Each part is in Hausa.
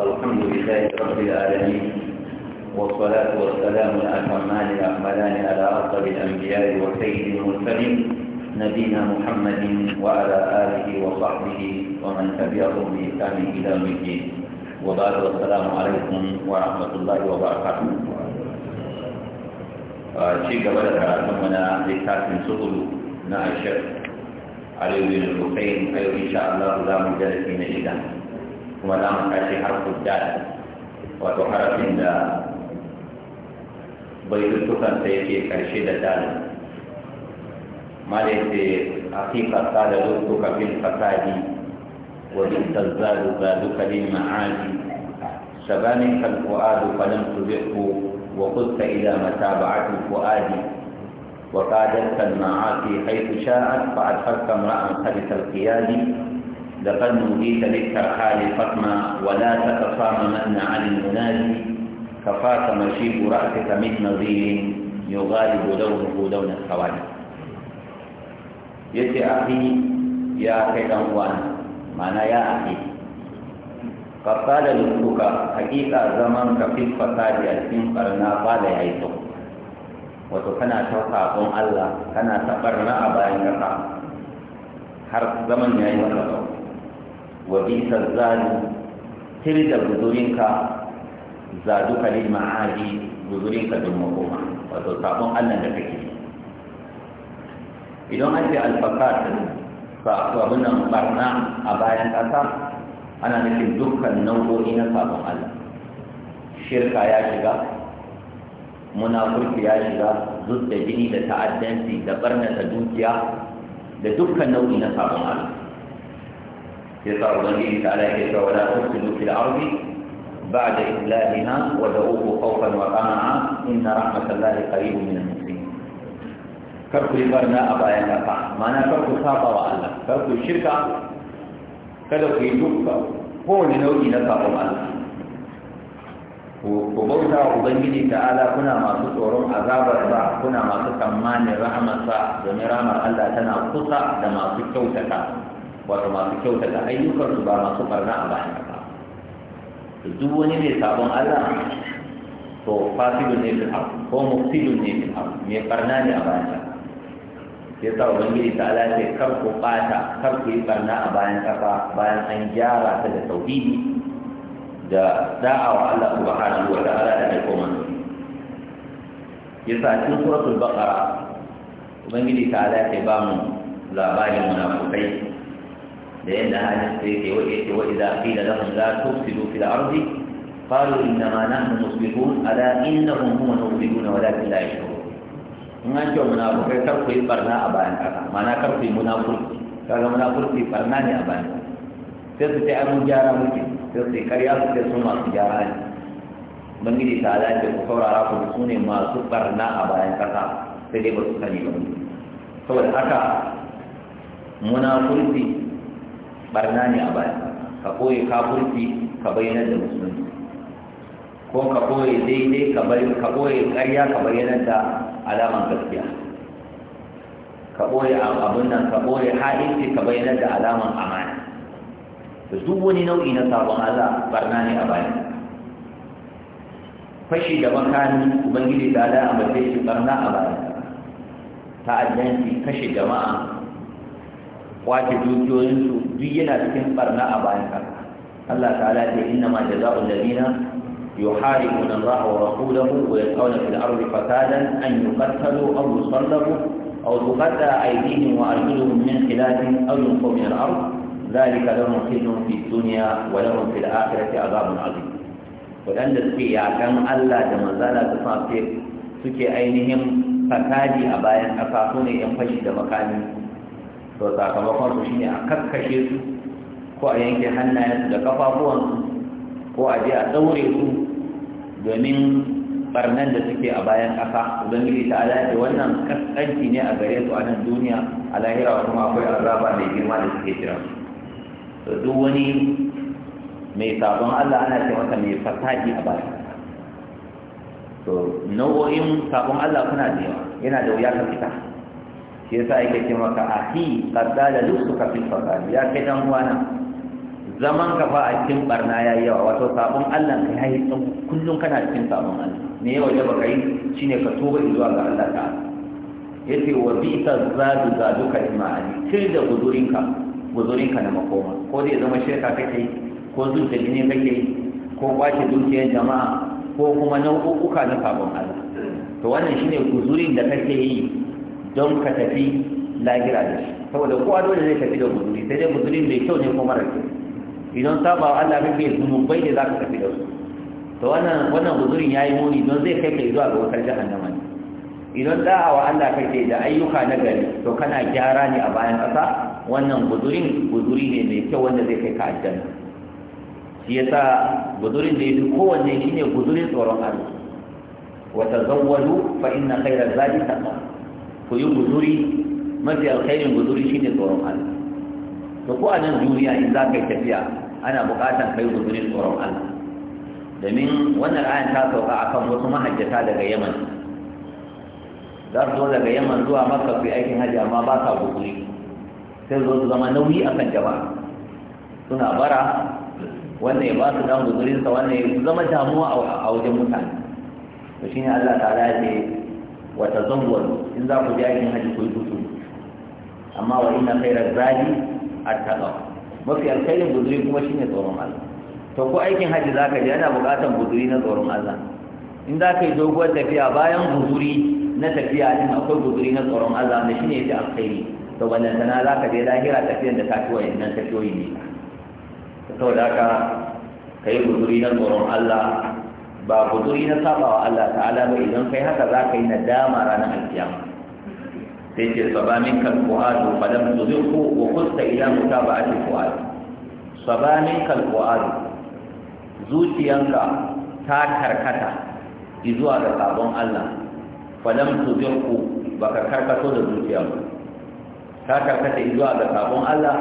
الحمد لله رب العالمين والصلاة والسلام الأتمان الأكملان على أفضل الأنبياء وسيد المرسلين نبينا محمد وعلى آله وصحبه ومن تبعهم بإحسان إلى يوم الدين وبعد والسلام عليكم ورحمة الله وبركاته آه، شيء قبل تعلمنا لكاتب سطل مع الشيخ علي بن الحسين أيوه إن شاء الله لا مجالس من الإدامة kuma za mu tashi harfin dal wato harafin da baitutukan sai yake karshe da dal mala yace aqiqa qala lutuka bil fasadi wa bil tazadu ma'adi شبانك الفؤاد فلم تبعه وقلت إلى متابعة الفؤاد وقادتك المعاصي حيث شاءت فأدخلت امرأ خبث القياد لقد نوديت للترحال فاطمة ولا تتصاممن عن المنادي كفاك مشيب رأسك من نظير يغالب لونه لون السواد يتي أخي يا أخي الأموان معنى يا أخي قد قال لك حقيقة زمن في الفساد يتم قرنا قال يعيثك شوقا قوم الله كنا تقرنا أبا ينقع حرق زمن يا إيسو wa bisa zani tir da guzurinka zaduka lil ma'adi guzurinka don makoma wato sabon Allah da kake idan an ce alfakat fa abin nan barna a bayan kasa ana nufin dukkan nau'o'i na sabon Allah shirka ya shiga munafurci ya shiga zub da jini da ta'addanci da barnata dukiya da dukkan nau'i na sabon Allah يسعى الله تعالى كيف ولا تفسدوا في الأرض بعد إسلامها ودعوه خوفا وطمعا إن رحمة الله قريب من المسلمين كركو لبرنا أبا ينفع معنى كركو ساقا وألا كركو الشركة كدو في جوكا هو لنوي نفعهم ألا وبوتا أبنجي تعالى كنا ما تصورون عذاب الرع كنا ما تسمان رحمة سا ومرامة ألا تنا قصة لما تكوتك wato masu kyautata ayyukansu ba masu barna a bayan ba to duk wani ne sabon Allah to fasidun ne fil ardh ko mufsidun ne fil ardh Me barna ne a bayan kasa sai sa ubangiji ta ala ce kar ku bata kar ku yi barna a bayan kasa bayan an gyara ta da tauhidi da da'awa Allah subhanahu wa ta'ala da aiko manzo yasa cikin suratul baqara ubangiji ta ala ce ba mu labarin munafukai da yadda hadis da yake wa yake wa idza qila lahum la tufsidu fil ardi qalu inna ma nahnu muslihun ala innahum hum mufsidun walakin la yashurun in an ce munafukai kar ku yi barna a bayan kasa mana kar ku yi munafurci kaga munafurci barna ne a bayan sai su ce an mun gyara muke sai su ce karya su ce sun masu gyara ne bangiji ta ala ce ku saurara ku su ne masu barna a bayan kasa sai dai ba su sani ba saboda haka munafurci barna ne a baya ka koye kafurci ka bayyana da musulunci ko ka koye daidai ka koye karya ka bayyana da alaman gaskiya ka koye abin nan ka koye haɗinci ka bayyana da alaman amana da duk wani nau'i na sabon Allah barna ne a baya fashi da makani ubangiji da ala a mace shi barna a baya ta'addanci kashe jama'a kwace dukiyoyinsu duk yana cikin barna a bayan kasa Allah ta'ala ce inna ma jaza'u alladhina يحاربون الله ورسوله fasadan, في الأرض فسادا أن يقتلوا أو يصلبوا أو تقطع أيديهم وأرجلهم من خلاف أو ينفوا من الأرض ذلك لهم خزي في wa ولهم في الآخرة عذاب عظيم waɗanda suke yakan Allah da manzana da suke ainihin fasadi a bayan ƙasa su ne ‘yan fashi da makami to sakamakon su shine a kakkashe su ko a yanke hannayensu da kafafuwansu ko a je a daure su domin barnan da suke a bayan ƙasa gidi ta alaƙi wannan kaskanci ne a gare su a nan duniya a lahira kuma akwai azaba mai girma da suke jira to duk wani mai sabon Allah ana ce masa mai fasaki a baya to nau'o'in sabon Allah kuna da yawa yana da wuya ka fita shi yasa yake ce maka ahi qaddala lusuka fil fasad ya kai dan uwana zaman ka fa a cikin barna yayi yawa wato sabon Allah ka yayi tsan kullun kana cikin sabon Allah ne yawa da baka yi shine ka tuba zuwa ga Allah ta yace wa bi'ta zadu zaduka imani til da guzurinka guzurinka na makoma ko dai zama shirka kake ko zuwa jini kake ko kwace dukiyar jama'a ko kuma nau'uka na sabon Allah to wannan shine guzurin da kake yi don ka tafi lahira da shi saboda kowa dole zai tafi da guduri sai dai guzuri mai kyau ne ko mara kyau idan sabawa Allah kake bai da za ka tafi da su to wannan wannan guzurin yayi muni don zai kai kai zuwa ga wutar jahannama idan da'a wa Allah kake da ayyuka na gari to kana gyara ne a bayan ƙasa wannan guzurin guduri ne mai kyau wanda zai kai ka aljanna shi yasa guzurin da yafi kowanne shine guzurin tsoron Allah wa tazawwalu fa inna khayra zalika taqwa ku yi guzuri mafi alkhairin guzuri shine tsoron Allah to ko a nan duniya in za ka yi tafiya ana buƙatar kai guzurin tsoron Allah domin wannan ayan ta sauka akan wasu mahajjata daga Yaman za su zo daga Yaman zuwa maka su aikin hajji amma ba sa guzuri sai zo su zama nauyi a kan jama'a suna bara wannan ya ba su dan guzurinsa wannan ya zama damuwa a wajen mutane to shine Allah ta ya ce Wata tazawwalu in za ku je aikin haji ku yi gudu amma wa inna khairaz zadi at-taqwa mafi alkhairin guzuri kuma shine tsoron Allah to ko aikin haji zaka je ana buƙatar guzuri na tsoron Allah in za ka yi doguwar tafiya bayan guzuri na tafiya din akwai guzuri na tsoron Allah da shine yafi alkhairi to wannan sana za ka je lahira tafiyar da ta fi wa wayannan tafiyoyi ne saboda haka ka yi guzuri na tsoron Allah ba buduri na saba wa Allah ta'ala ba idan kai haka za ka yi nadama ranar alkiyama sai ce saba min kan fu'adu falam tuziqu wa qusta ila mutaba'ati fu'ad saba min kan fu'adu zuciyanka ta karkata zuwa ga sabon Allah falam ba ka karkato da zuciya ba ta karkata zuwa ga sabon Allah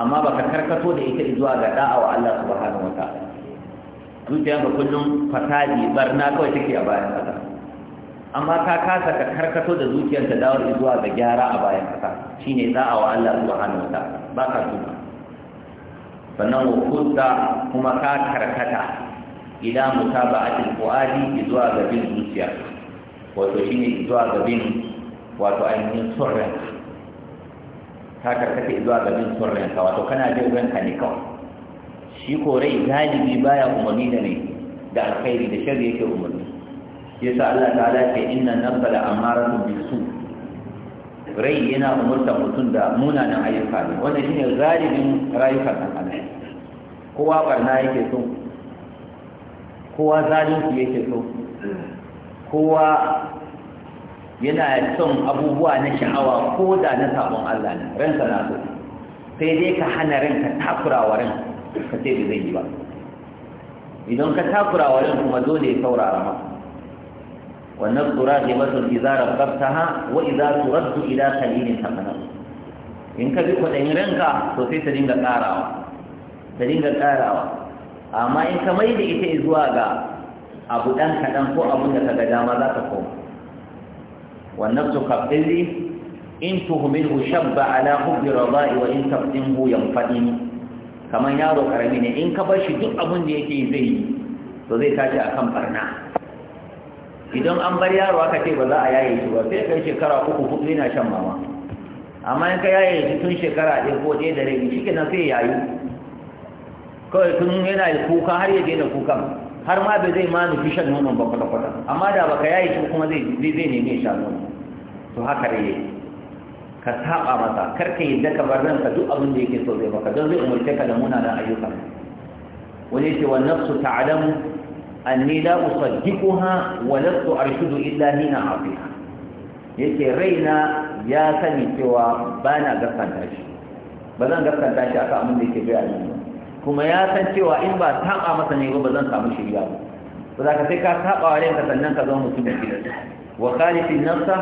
amma ba ka karkato da ita zuwa ga da'awa Allah subhanahu wa ta'ala zuciyar ka kullum fasadi barna kawai take a bayan kasa amma ka kasa ka karkato da zuciyar ta dawo zuwa ga gyara a bayan kasa shine za a wa Allah subhanahu wa ta'ala ba ka tuba sannan wa kuma ka karkata ila mutaba'atil fuadi zuwa ga bin zuciya wato shine zuwa ga bin wato ainihin son ranka ka karkata zuwa ga bin son wato kana jin ranka ne kawai shi ko rai galibi baya umarni da ne da alkhairi da shari yake umarni yasa Allah ta'ala ce inna nazzala amaratu bisu rai yana umarta mutum da munanan ayyuka ne wannan shine galibin rayuka kan Allah kowa barna yake so kowa zalunci yake so kowa yana son abubuwa na sha'awa ko da na sabon Allah ne ranka na so sai dai ka hana ranka takurawa ranka ka ce da zai yi ba idan ka takura wa ran kuma dole ya saurara maka wannan tsura ce masu izara tsaftaha wa idza turaddu ila qalilin hasana in ka bi kwaɗayin ranka to sai ta dinga ƙarawa ta dinga ƙarawa amma in ka mai da ita zuwa ga abu ɗan kaɗan ko abin da ka ga dama za ka koma wannan su kafin in tuhumilhu shabba ala hubbi rabai wa in faɗi yanfadini kamar yaro karami ne in ka bar shi duk abin da yake zai yi to zai tashi a kan barna idan an bar yaro aka ce ba za a yaye shi ba sai kai shekara uku hudu yana shan mama amma in ka yaye shi tun shekara ɗaya ko ɗaya da rabi shi kenan sai yayi kawai tun yana da kuka har ya daina kukan har ma bai zai ma nufi shan nonon ba kwata-kwata amma da baka yaye shi kuma zai neme shan nono to haka yake ka saba masa kar ka yadda ka bar ranka duk abin da yake so zai baka don zai umarce ka da munanan ayyuka wani ce wa nafsu ta'lamu anni la usaddiquha wa lastu arshudu illa hina afiha yake raina ya sani cewa bana na gaskanta shi ba zan gaskanta shi akan abin da yake gaya ni kuma ya san cewa in ba saba masa ne ba zan samu shiriya ba ba za ka sai ka saba wa ranka sannan ka zama mutum da wa khalifin nafsa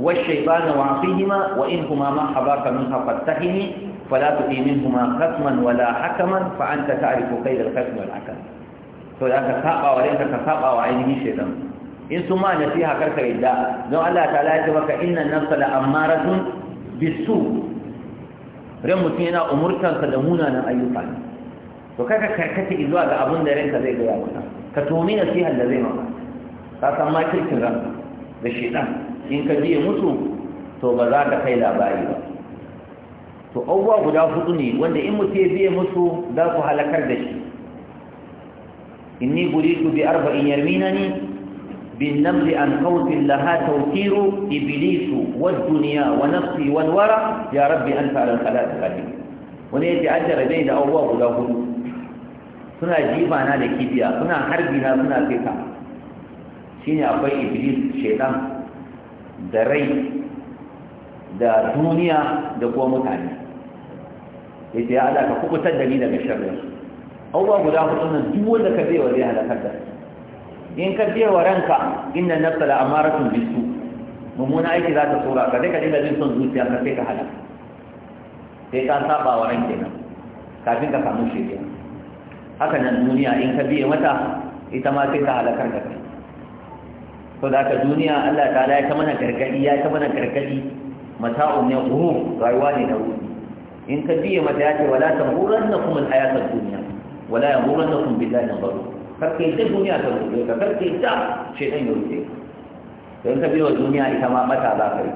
والشيطان وعصيهما وإنهما ما حضاك منها فاتهن فلا تؤي منهما خصما ولا حكما فأنت تعرف كيد الخصم والحكم فذاك ساقا وليس كساقا وعينه شيطان إن ثم نسيها كرك إداء نو الله تعالى يتبك إن النفس لأمارة بالسوء رمتين أمرتا صدمونا أيضا وكذا كركتي إذوا أبون دارين كذي قيامنا كتومين فيها الذين ما تسمى كرك الرمز بالشيطان in ka biye musu to ba za ka kai labari ba to abubuwa guda hudu ne wanda in mutum ya biye musu za su halakar da shi inni buritu bi arba'in ni bin namli an kautin laha tawkiru iblisu wad duniya wa nafsi wal wara ya rabbi anta ala al-khalaq qadir wani yace an jarabe da abubuwa guda hudu suna jifa na da kibiya suna harbi na suna fita shine akwai iblis shaytan da rai da duniya da kuma mutane yace ya Allah ka kubutar da ni daga sharrin abubuwa guda hudu nan duk da ka bewa zai halakar da in ka bewa ranka na nafsa a amaratun bisu mummuna aiki za ta tsora ka sai ka dinga jin son zuciya ka sai ka halaka sai ka saba wa ranke nan kafin ka samu shirya haka nan duniya in ka biye mata ita ma sai ta halakar da kai to da ka duniya Allah ta ya ta mana gargadi ya ta mana gargadi mata'un ya ruhu rayuwa ne na ruhi in ka biye mata ya ce wala na kuma hayata duniya. wala na kuma billahi na baro karke ta duniya ta rufe ka karke ta shedan ya rufe in ka biye duniya ita ma mata za ka yi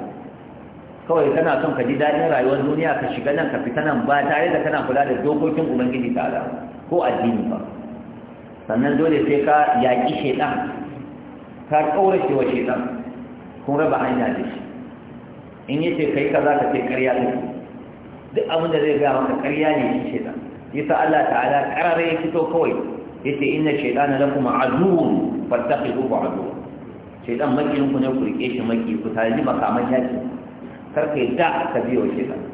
kawai kana son ka ji daɗin rayuwar duniya ka shiga nan ka fita nan ba tare da kana kula da dokokin ubangiji ta'ala ko addini ba sannan dole sai ka yaƙi shedan ka kaurace wa shaitan kun raba hanya da shi in yace kai kaza ka ce ƙarya ne duk abin da zai ga maka ƙarya ne shi shaitan yasa Allah ta'ala karare ya fito kawai yace inna shaytana lakum aduwwun fattaqihu aduwwa shaytan makiyin ku ne ku rike shi maki ku tare makaman yaki kar kai da ka biyo shaytan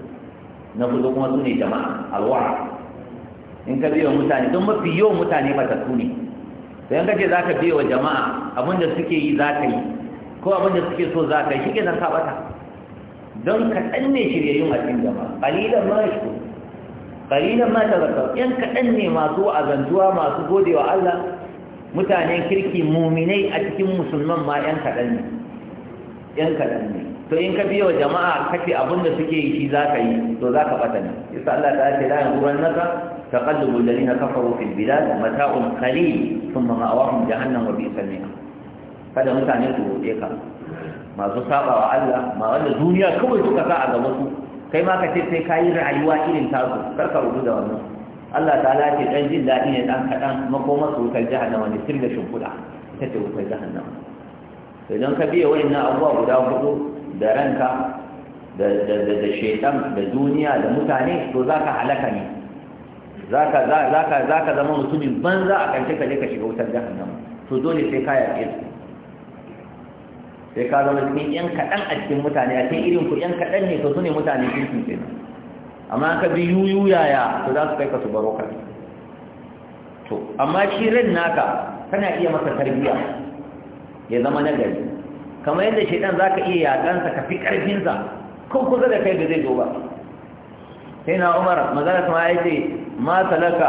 na hudu kuma sune jama'a alwara in ka biyo mutane don mafi yawan mutane ba ta tuni idan kace zaka biye wa jama'a abinda suke yi zaka yi ko abinda suke so zaka yi shi nan ka bata don ka ne shiryayyun a cikin jama'a qalilan ma shi qalilan ma tazakkar yan ka ne masu azantuwa masu godewa Allah mutanen kirki muminai a cikin musulman ma yan kaɗan ne yan kaɗan ne to in ka biyo jama'a kace abin da suke yi shi zaka yi to zaka bata ne yasa Allah ta ce la yanzuran naka تقلب الذين كفروا في البلاد متاع قليل ثم مأواهم جهنم وبئس المصير kada mutane su roƙe ka masu saba wa Allah ma wanda duniya kawai suka sa a gaba su kai ma ka ce sai kayi rayuwa irin tasu kar ka rubu da wannan Allah ta'ala ce dan jin daɗi ne dan kaɗan makoma su wutar jahannama ne sirga shimfiɗa ta ce wutar jahannama to idan ka biya wa'in abuwa guda hudu da ranka da da da da duniya da mutane to za ka halaka ne zaka zaka zaka zama mutumin banza a kance ka je ka shiga wutar jahannama to dole sai ka yaƙe su sai ka zama cikin yan kaɗan a cikin mutane a cikin irin ku yan kaɗan ne to su ne mutane kirkin kenan amma ka bi yuyu yaya to za su kai ka su baro ka to amma shi ran naka kana iya masa tarbiyya ya zama nagari kamar yadda shaitan zaka iya yaƙansa ka fi ƙarfinsa ko kusa da kai da zai zo ba sai na umar magana kuma ya ce ma salaka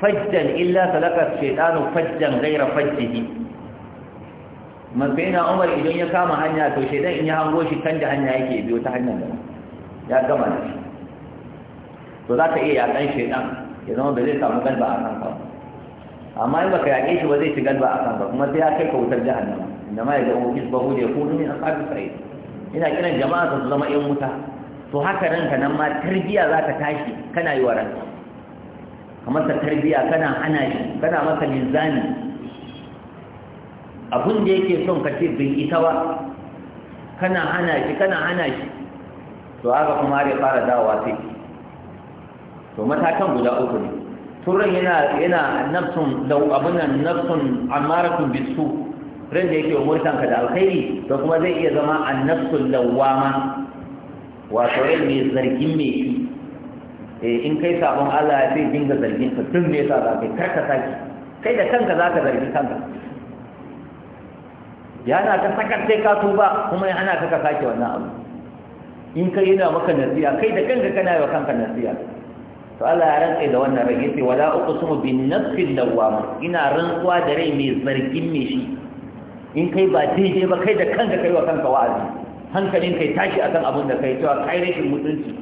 fajjan illa salaka shaitanu fajjan gaira fajjihi mafi na umar idan ya kama hanya to shaidan in ya hango shi kan da hanya yake biyo ta hanyar da ya gama da shi to za ka iya yaƙan shaidan ya zama ba zai samu galba a kan ba amma in baka yake shi ba zai ci galba a kan ba kuma sai ya kai ka wutar jahannama inda ma ya zama hukis ya hude ko min asabi sai ina kiran jama'a su zama yan wuta to haka ranka nan ma tarbiya za ka tashi kana yi wa ranka ka masa tarbiya kana hana shi kana masa linzani Abun da yake son ka ce bai ita ba kana hana shi kana hana shi to haka kuma ya fara dawowa sai to matakan guda uku ne turan yana yana nafsun abun abunan nafsun amaratun bisu ran da yake umurtan ka da alkhairi to kuma zai iya zama annafsul lawama wato rai mai zargin mai shi eh, in kai sabon Allah ya sai dinga zargin ka tun me yasa za kai kar ka saki kai da kanka za ka zargi kanka ya na ka sakar sai ka tuba kuma ya hana ka ka sake wannan abu in kai yana maka nasiya kai da kanka kana yi wa kanka nasiya to Allah ya rantse da wannan rai yace wala uqsimu bin nafsil lawwama ina rantsuwa da rai mai zargin me shi in kai ba daidai ba kai da kanka kai wa kanka wa'azi hankalin kai tashi akan abin da kai cewa kai rashin mutunci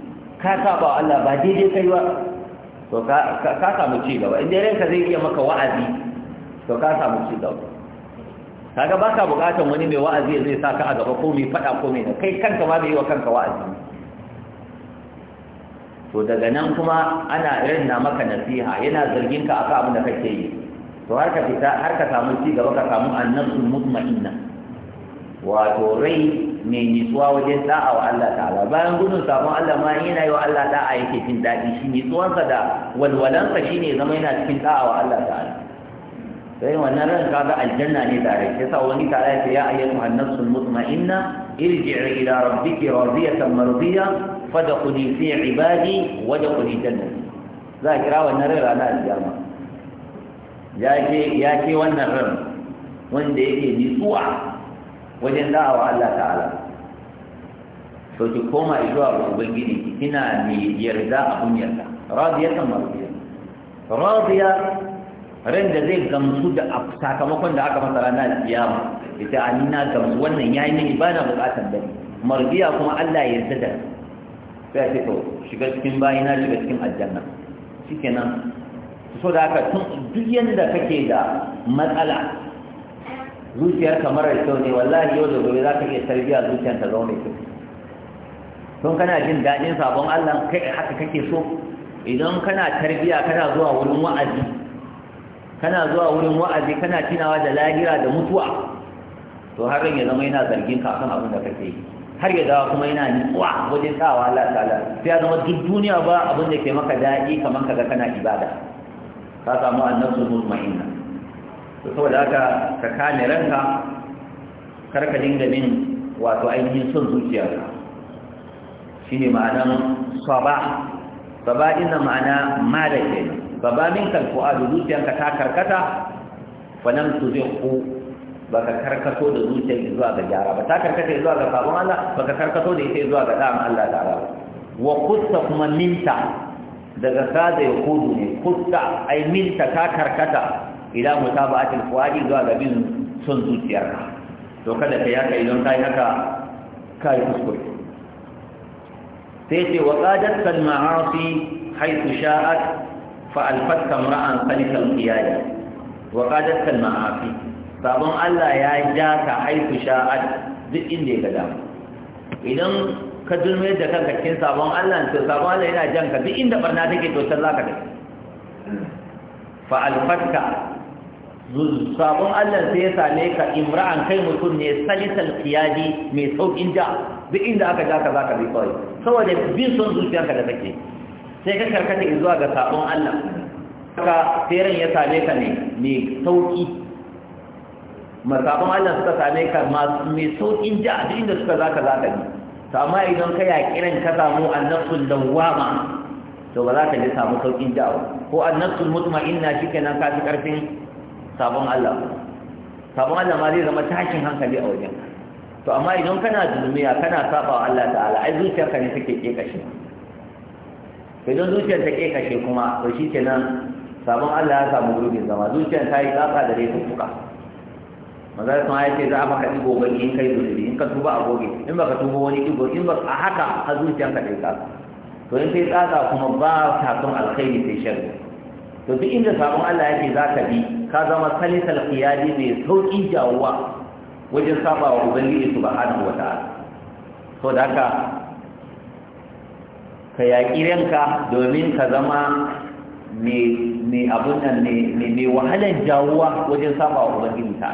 ka saba Allah ba daidai kai ba to ka samu ci gaba in dai ranka zai iya maka wa'azi to ka samu ci gaba kaga baka bukatan wani mai wa'azi zai saka a gaba ko mai fada ko mai kai kanka ma bai yi wa kanka wa'azi to daga nan kuma ana rinna maka nasiha yana zargin ka akan abin da kake yi to har ka fita har ka samu ci gaba ka samu annasul mutma'inna wato rai mai nitsuwa wajen da'a wa Allah ta'ala bayan gudun sabon Allah ma yana yi wa Allah da'a yake jin daɗi shi nitsuwansa da walwalansa shine zama yana cikin da'a wa Allah ta'ala sai wannan ran kaga aljanna ne tare sai sa wani tare ya ce ya ayyatu annasu mutma'inna irji'i ila rabbiki radiyatan mardiya fadkhuli fi ibadi wadkhuli jannati za a kira wannan ran ranar aljanna ya ce ya ce wannan ran wanda yake nitsuwa wajen da'a wa Allah ta'ala to ki koma zuwa ubangiji kina ne yarda abun yarda radiyatan marziya radiya ran da zai gamsu da sakamakon da aka masa ranar kiyama ita Amina na gamsu wannan yayi mini ba na bukatan marziya kuma Allah ya yarda da sai ce to shiga cikin bayina shiga cikin aljanna shikenan so da haka tun duk yanda kake da matsala zuciyar kamar kyau ne wallahi yau da gobe za ka iya tarbiya zuciyar ta zaune kyau don kana jin daɗin sabon Allah kai haka kake so idan kana tarbiya kana zuwa wurin wa'azi kana zuwa wurin wa'azi kana tunawa da lahira da mutuwa to har ya zama yana zargin ka akan abin da kake yi har ya dawo kuma yana nutsuwa wajen sawa Allah ta'ala sai ya zama duk duniya ba abin da ke maka daɗi kamar kaga kana ibada ka samu annabi mutmainna to saboda haka ka kame ranka kar ka dinga bin wato ainihin son shi shine ma'anan saba saba ina ma'ana mala kenan saba min zuciya ka ta karkata ku tuzihu baka karkato da zuciyar zuwa ga gyara ba ta karkata zuwa ga sabon Allah baka karkato da ita zuwa ga da'an Allah da rawa wa kutta kuma minta daga sada ya kudu ne kutta ai minta ta karkata ila mutaba'atil fuadi zuwa ga bin son zuciyarka to kada ka yaka idan kai haka kai kuskure sai ce wa qadat kal ma'asi haythu sha'at fa alfat kamra'an qalikal qiyadi wa qadat kal ma'asi sabon Allah ya ja ka haythu sha'at duk inda ya gada idan ka dulme da kanka cikin sabon Allah to sabon Allah yana jan ka duk inda barna take to sai zaka tafi fa alfatka sabon Allah sai ya same ka imra'an kai mutum ne salisal qiyadi mai saukin da duk inda aka ja ka zaka bi kawai saboda bin son zuciyarka da take? sai ka karkata zuwa ga sabon Allah ka tseren ya same ka ne mai sauki Sabon Allah suka same ka mai saukin ja duk inda suka zaka zaka bi to amma idan ka kiran ka samu annafsul lawwama to ba za ka ji samu saukin ja ko annafsul mutma'inna shikenan ka fi karfin sabon Allah sabon Allah ma zai zama tashin hankali a wajen to amma idan kana zulmiya kana saba wa Allah ta'ala ai zuciyarka ne take kekashe to idan zuciyar ta kekashe kuma to shi nan sabon Allah ya samu gurbin zama zuciyar ta yi tsaka da rai tuka maza sun ya ce za a maka ɗigo baki in kai zuciyar in ka tuba a goge in baka tuba wani ɗigo in ba a haka a zuciyarka ta yi tsaka to in ta yi tsaka kuma ba ta son alkhairi sai shan to duk inda sabon Allah yake za ka bi ka zama salisal qiyadi mai sauƙin jawuwa wajen saba wa ubangiji subhanahu wataala so da haka ka yaƙi ranka domin ka zama mai abun nan mai wahalar jawuwa wajen saba wa ubangiji ta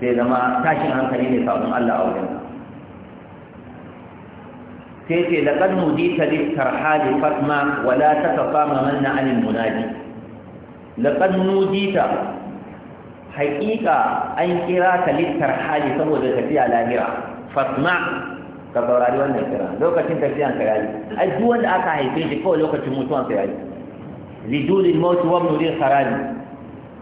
sai zama tashin hankali ne sabon Allah a wajen sai ce laqad mudita lit tarhali fatma wala tatafama manna anil munaji laqad nudita haƙiƙa an kira ka littar hali saboda tafiya lahira fasma ka saurari wannan kira lokacin tafiyan ka yayi ai duk wanda aka haife shi kawai lokacin mutuwan ka yayi lidulil maut wa ibnul kharaj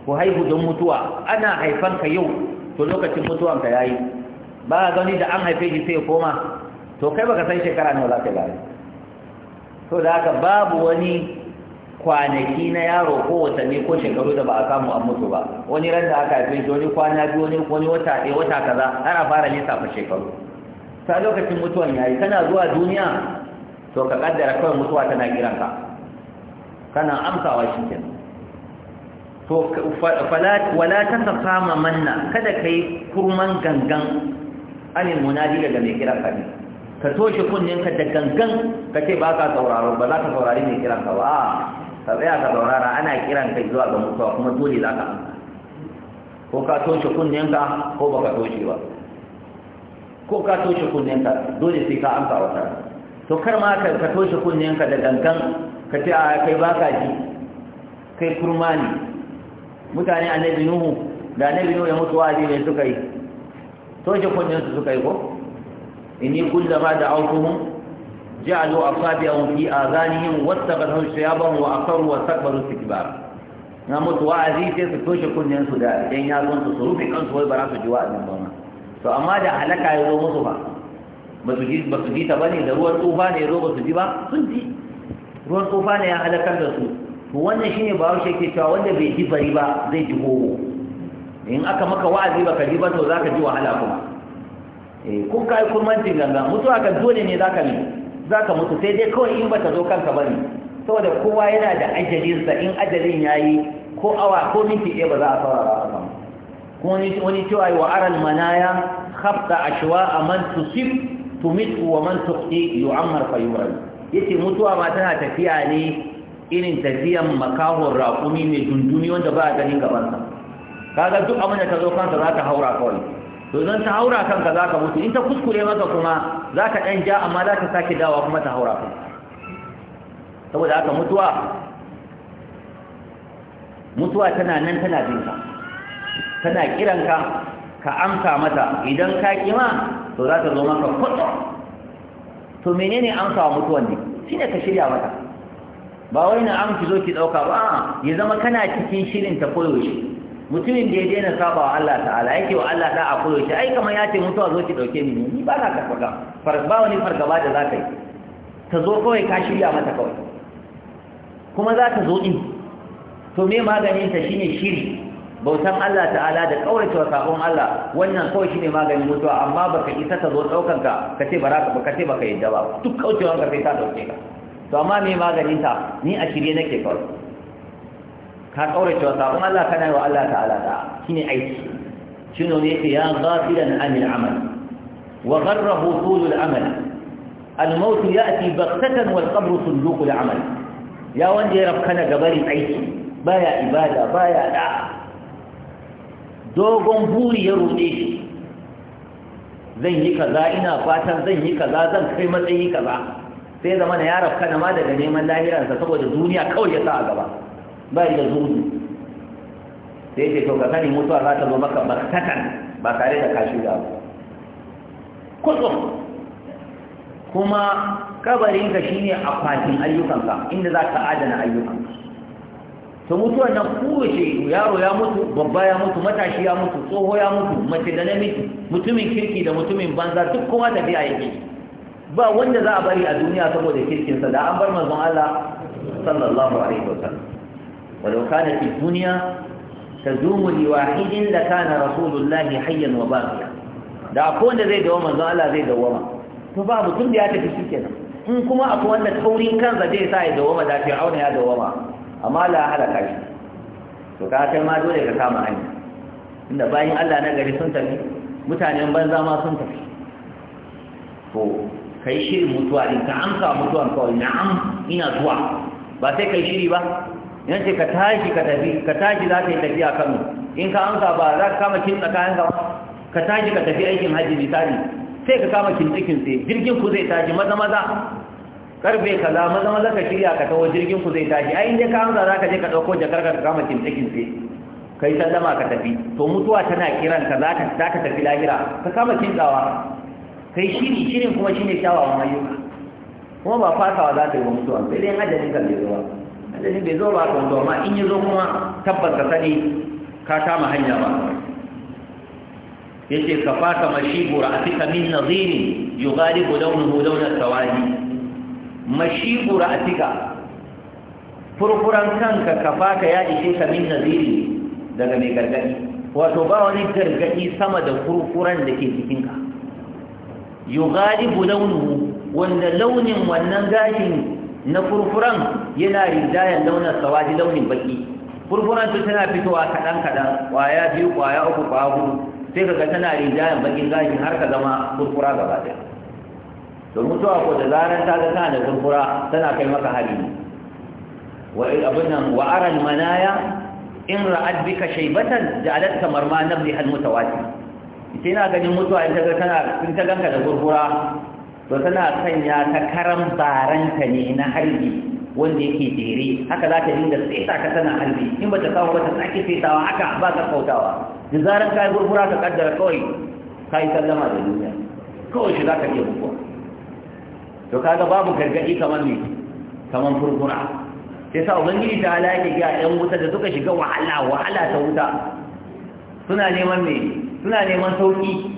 ko haihu don mutuwa ana haifan ka yau to lokacin mutuwan ka yayi ba ga ni da an haife shi sai koma to kai baka san shekara nawa za ka yi to da haka babu wani kwanaki na yaro ko watanni ko shekaru da ba a samu an mutu ba wani ran da aka fi shi wani kwana biyu wani wani wata ɗaya wata kaza ana fara fa shekaru ta lokacin mutuwan yayi kana zuwa duniya to ka kaddara kawai mutuwa tana kiranka. ka kana amsawa shi ke to fala wala tasama manna kada kai kurman gangan anil munadi daga mai kiranka ka ne ka toshe kunnenka da gangan ka ce ba ka sauraro ba za ka saurari mai kiranka ka ba ka tsaya ka saurara ana kiran kai zuwa ga mutuwa kuma dole za ka amsa ko ka toshe kunnenka ko baka toshe ba ko ka toshe kunnenka dole sai ka amsa wata to kar ma ka toshe kunnenka da dankan ka ce a kai ka ji kai kurma ne mutane annabi nuhu da annabi nuhu ya mutu wa ne suka yi toshe kunnensu suka yi ko inni kullama da'awtuhum ja'alu asabi'ahum fi azanihim wastaghalhum shiyabahum wa aqarru wa takbaru istikbar na mutu wa'azi sai su toshe kunnen su da idan ya zo su rufe kansu wai za su ji wa'azin ba to amma da halaka ya zo musu ba ba su ji ba su da ruwan tsufa ne ya zo ba su ji ba sun ji ruwan tsufa ne ya halakar su to wannan shine ba haushe ke cewa wanda bai ji bari ba zai ji in aka maka wa'azi baka ji ba to zaka ji wahala kuma kun kai kurmancin ganga mutuwa kan dole ne zaka ne za ka mutu sai dai kawai in ba ta zo kanka ba ne saboda kowa yana da ajalinsa in ajalin ya yi ko awa ko minti ɗaya ba za a fara a samu kuma wani cewa wa aral manaya hafta ashwa a man tusif tumitu wa man tuqi yu'ammar fa yural yace mutuwa ma tana tafiya ne irin tafiyan makahon raƙumi mai dundumi wanda ba a ganin gabansa kaga duk abin da ta zo kansa za ta haura kawai to zan ta haura kanka za ka mutu in ta kuskure maka kuma za ka ɗan ja amma za ka sake dawa kuma ta haura kanka saboda haka mutuwa mutuwa tana nan tana jinka tana kiranka ka amsa mata idan ka kima to za ta zo maka kwato to menene amsa wa mutuwan ne shi ne ka shirya mata ba wai na amsa zo ki ɗauka ba ya zama kana cikin shirin ta koyaushe mutumin da ya daina saba wa Allah ta'ala yake wa Allah da a shi ai kamar ya ce mutuwa zo ki dauke ni ni ba na karfaga farba wani fargaba da za ka yi ta zo kawai ka shirya mata kawai kuma za ta zo din to me maganin ta shine shiri bautan Allah ta'ala da kaurace wa sabon Allah wannan kawai shine maganin mutuwa amma baka isa ta zo daukan ka ka ce baka ce baka yadda ba duk kaucewa ka sai ta dauke ka to amma me maganin ta ni a shirye nake kawai ka kaura cewa sabon Allah kana yi wa Allah ta'ala da shine aiki shine ne yake ya ghafiran anil amal wa gharrahu tulul amal الموت يأتي بغتة والقبر صندوق العمل يا وندي ربكنا جبري عيسي بايا إبادة بايا دعا dogon buri ya ruɗe shi zan yi kaza ina fatan zan yi kaza zan kai matsayi kaza sai zama na yaran kana ma daga neman lahiransa saboda duniya kawai ya sa a gaba ba da zuhudu sai ce to ka sani mutuwa za ta zo maka barkatan ba tare da kashi da ba kullum kuma kabarinka shine akwatin ayyukanka inda za ka adana ayyukanka to mutuwan nan kowace yaro ya mutu babba ya mutu matashi ya mutu tsoho ya mutu mace da namiji mutumin kirki da mutumin banza duk kuma tafiya yake ba wanda za a bari a duniya saboda kirkinsa da an bar manzon Allah sallallahu alaihi wasallam ولو كان في الدنيا تزوم لواحد لكان رسول الله حيا وباقيا da akwai wanda zai dawo manzon Allah zai dawoma to ba mutum da ya tafi shi in kuma akwai wanda taurin kansa zai sa ya dawoma da fi auna ya dawoma amma la halaka shi to ka kai ma dole ka kama hanya inda bayan Allah na gari sun tafi mutanen banza ma sun tafi to kai shiri mutuwa din ka amsa mutuwa kawai na'am ina zuwa ba sai kai shiri ba yan ce ka tashi ka tafi ka tashi za ka yi tafiya kano in ka amsa ba za ka kama kin kayan ka ka tashi ka tafi aikin hajji misali sai ka kama kin tsikin sai jirgin ku zai tashi maza maza karfe kaza maza maza ka shirya ka tawo jirgin ku zai tashi ai inda ka amsa za ka je ka ɗauko jakar ka kama kin tsikin sai kai sallama ka tafi to mutuwa tana kiran ka za ka tafi lahira ka kama kintsawa kai shiri shirin kuma shine kyawawan ayyuka kuma ba fasawa za ta yi wa mutuwa sai dai ajalin kan zai zuwa da shi bai zo ba kan amma in ya zo kuma tabbas ka sani ka kama hanya ba yace ka fata mashibu ra'atika min nazini yughalibu lawnuhu lawna sawadi mashibu ra'atika furfuran kanka ka fata ya ishe ka min naziri daga mai gargadi wato ba wani gargadi sama da furfuran da ke cikinka yughalibu lawnuhu wanda launin wannan gashin na furfuran yana rinjayen launin sawadi launin baki furfuran su tana fitowa kaɗan kaɗan ƙwaya biyu ƙwaya uku ƙwaya hudu sai kaga tana rinjayen bakin gashi har ka zama furfura gaba ɗaya to mutuwa ko da zaran ta ga tana da furfura tana kai maka hari ne wa abin nan wa aral manaya in ra'ad bika shaybatan kamar marma nabli al mutawati sai na ganin mutuwa in ta ga tana in ta ganka da furfura to tana sanya ta karam baranta ne na harbi wanda yake jere haka za ta dinga tsaita ka tana harbi in ba ta samu ba ta sake tsaitawa haka ba ka kautawa da zarar ka yi gurgura ka kaddara kawai ka yi sallama da duniya kawai shi za ka iya bukuwa to kaga babu gargaɗi kamar ne kamar furfura sai sa ubangiji ta halaye ga yan wuta da suka shiga wahala wahala ta wuta suna neman ne suna neman sauki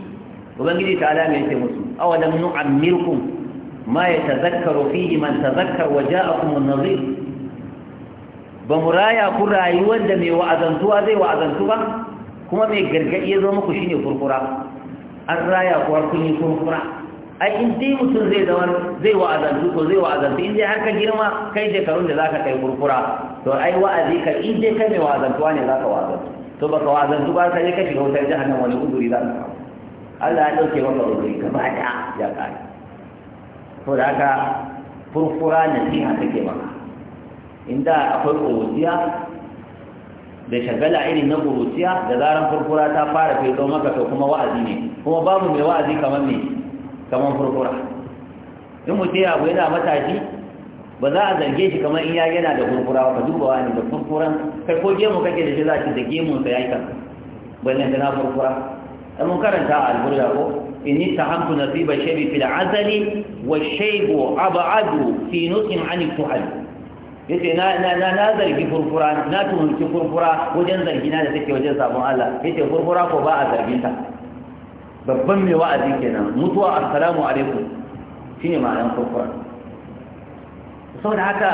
ubangiji ta halaye ya ce musu awalam nu'ammirkum ما يتذكر فيه من تذكر وجاءكم النظير بمرايا قرأي وندمي وأذنتوا ذي وأذنتوا كما من قرقائي ذو مكشيني فرقرا الرايا قرقني فرقرا ai in dai mutum zai zama zai wa'azantu to zai wa'azantu in dai har ka girma kai shekarun da zaka kai kurkura to ai wa'azi ka in dai kai mai wa'azantuwa ne zaka wa'azantu to baka wa'azantu ba sai ka shiga wutar jahannam wani uzuri zaka Allah ya dauke maka uzuri gaba da ya kare Ko da haka furfura na jiha take maka inda akwai ƙuruciya da shagala irin na ƙuruciya da zaran furfura ta fara zo maka to kuma wa'azi ne kuma babu mai wa'azi kamar ne kamar furfura in mu ya abu yana matashi ba za a zarge shi kamar in ya yana da furfura ka duba wani da furfuran kai ko gemu kake da shi za ki da gemun sa yayi kan balle da na furfura mun karanta a alburda ko إني سهمت نصيب الشيب في العزل والشيب أبعد في نطق عن الكحل yace na na na na zargi furfura na tuhunci furfura wajen zargi na da take wajen sabon Allah yace furfura ko ba a zargin ta babban mai wa'azi kenan mutuwa assalamu alaikum shine ma'anar furfura saboda haka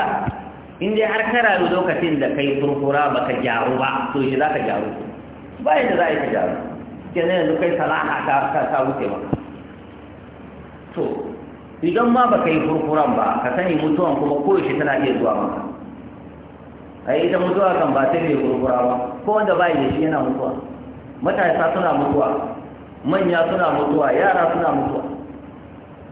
in dai har kara lokacin da kai furfura baka gyaru ba to shi zaka gyaru ba yadda za a yi ka gyaru kenan yanzu kai sana'a ta ta ta wuce maka to idan ma baka yi furfuran ba ka sani mutuwan kuma koyaushe tana iya zuwa maka a yi ita mutuwa kan ba sai mai furfura ba ko wanda ba yi shi yana mutuwa matasa suna mutuwa manya suna mutuwa yara suna mutuwa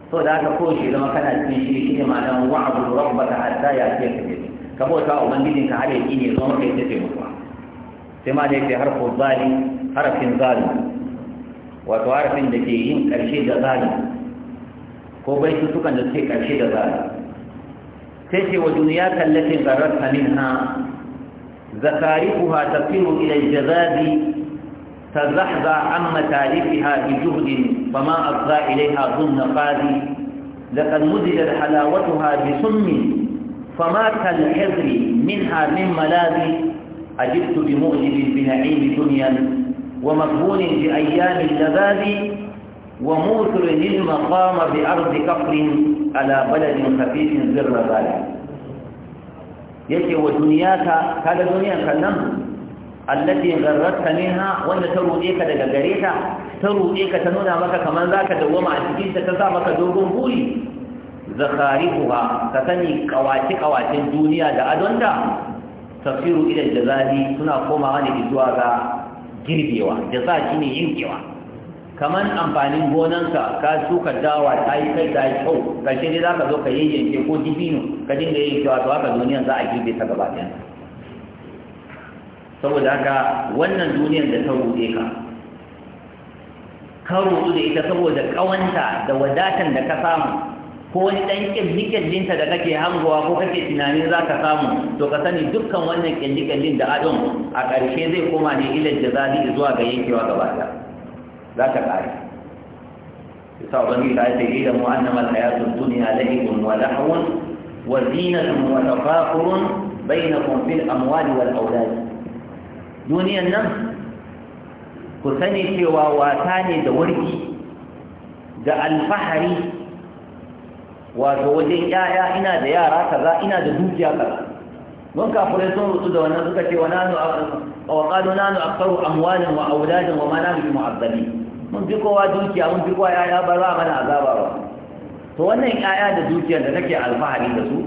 so da aka koyaushe zama kana cikin shi shi ne ma'anar wa'abu rabbaka hatta ya ce ka ce ka bauta ka har ya ne zama kai ta ce mutuwa sai ma da har harfin zali harafin zali wato harafin da ke yin ƙarshe da zali ko bai baitutukan da suke ƙarshe da zali sai ce wa duniya kallafin zarrarta minha زخارفها تطير إلى الجذاذ تزحزع عن متارفها بجهد فما أفضى إليها ظن قاذي لقد مزجت حلاوتها بسم فما كالحذر منها من ملاذ أجبت بمؤجب بنعيم دنيا ومكهون بأيام اللذاذ وموثر للمقام بأرض كفر على بلد خفيف زر ذلك yake wa duniyata kaga duniyan kan nan allati gharratka minha wanda ta rude ka daga gareta, ta ruɗe ka ta nuna maka kaman zaka dawoma a cikin ta ta sa maka dogon buri zakarihuha ka sani kawaci kawacin duniya da adonta? adonda tafiru da jazali suna komawa ne zuwa ga girbewa jaza ne yinkewa kamar amfanin gonansa ka shuka dawa ta yi kai da kyau kashe ne ka zo ka yi yanke ko dibino ka dinga kyau to haka duniyan za a girbe ta gaba ɗaya saboda haka wannan duniyan da ta ruɗe ka ka ruɗu da ita saboda ƙawanta da wadatan da ka samu ko wani ɗan ƙyalli-ƙyallin da kake hangowa ko kake tunanin za ka samu to ka sani dukkan wannan ƙyalli-ƙyallin da adon a ƙarshe zai koma ne ilar da zaɗi zuwa ga yankewa gaba ɗaya za ka ƙare yasa ubangiji ta ce ila mu annama alhayatu dunya lahibun wa lahwun wa zinatun wa tafakurun bainakum fil amwali wal awlad duniyan nan ku sani cewa wata ne da warki da alfahari wato wajen ƴaƴa ina da yara kaza ina da dukiya kaza don kafirai sun rutu da wannan suka ce wa nanu a wa qalu nanu aktharu amwalan wa auladan wa ma nanu bi mu'azzabin mun fi kowa dukiya mun fi kowa ƴaƴa ba za mana azaba ba to wannan ƴaƴa da dukiyar da kake alfahari da su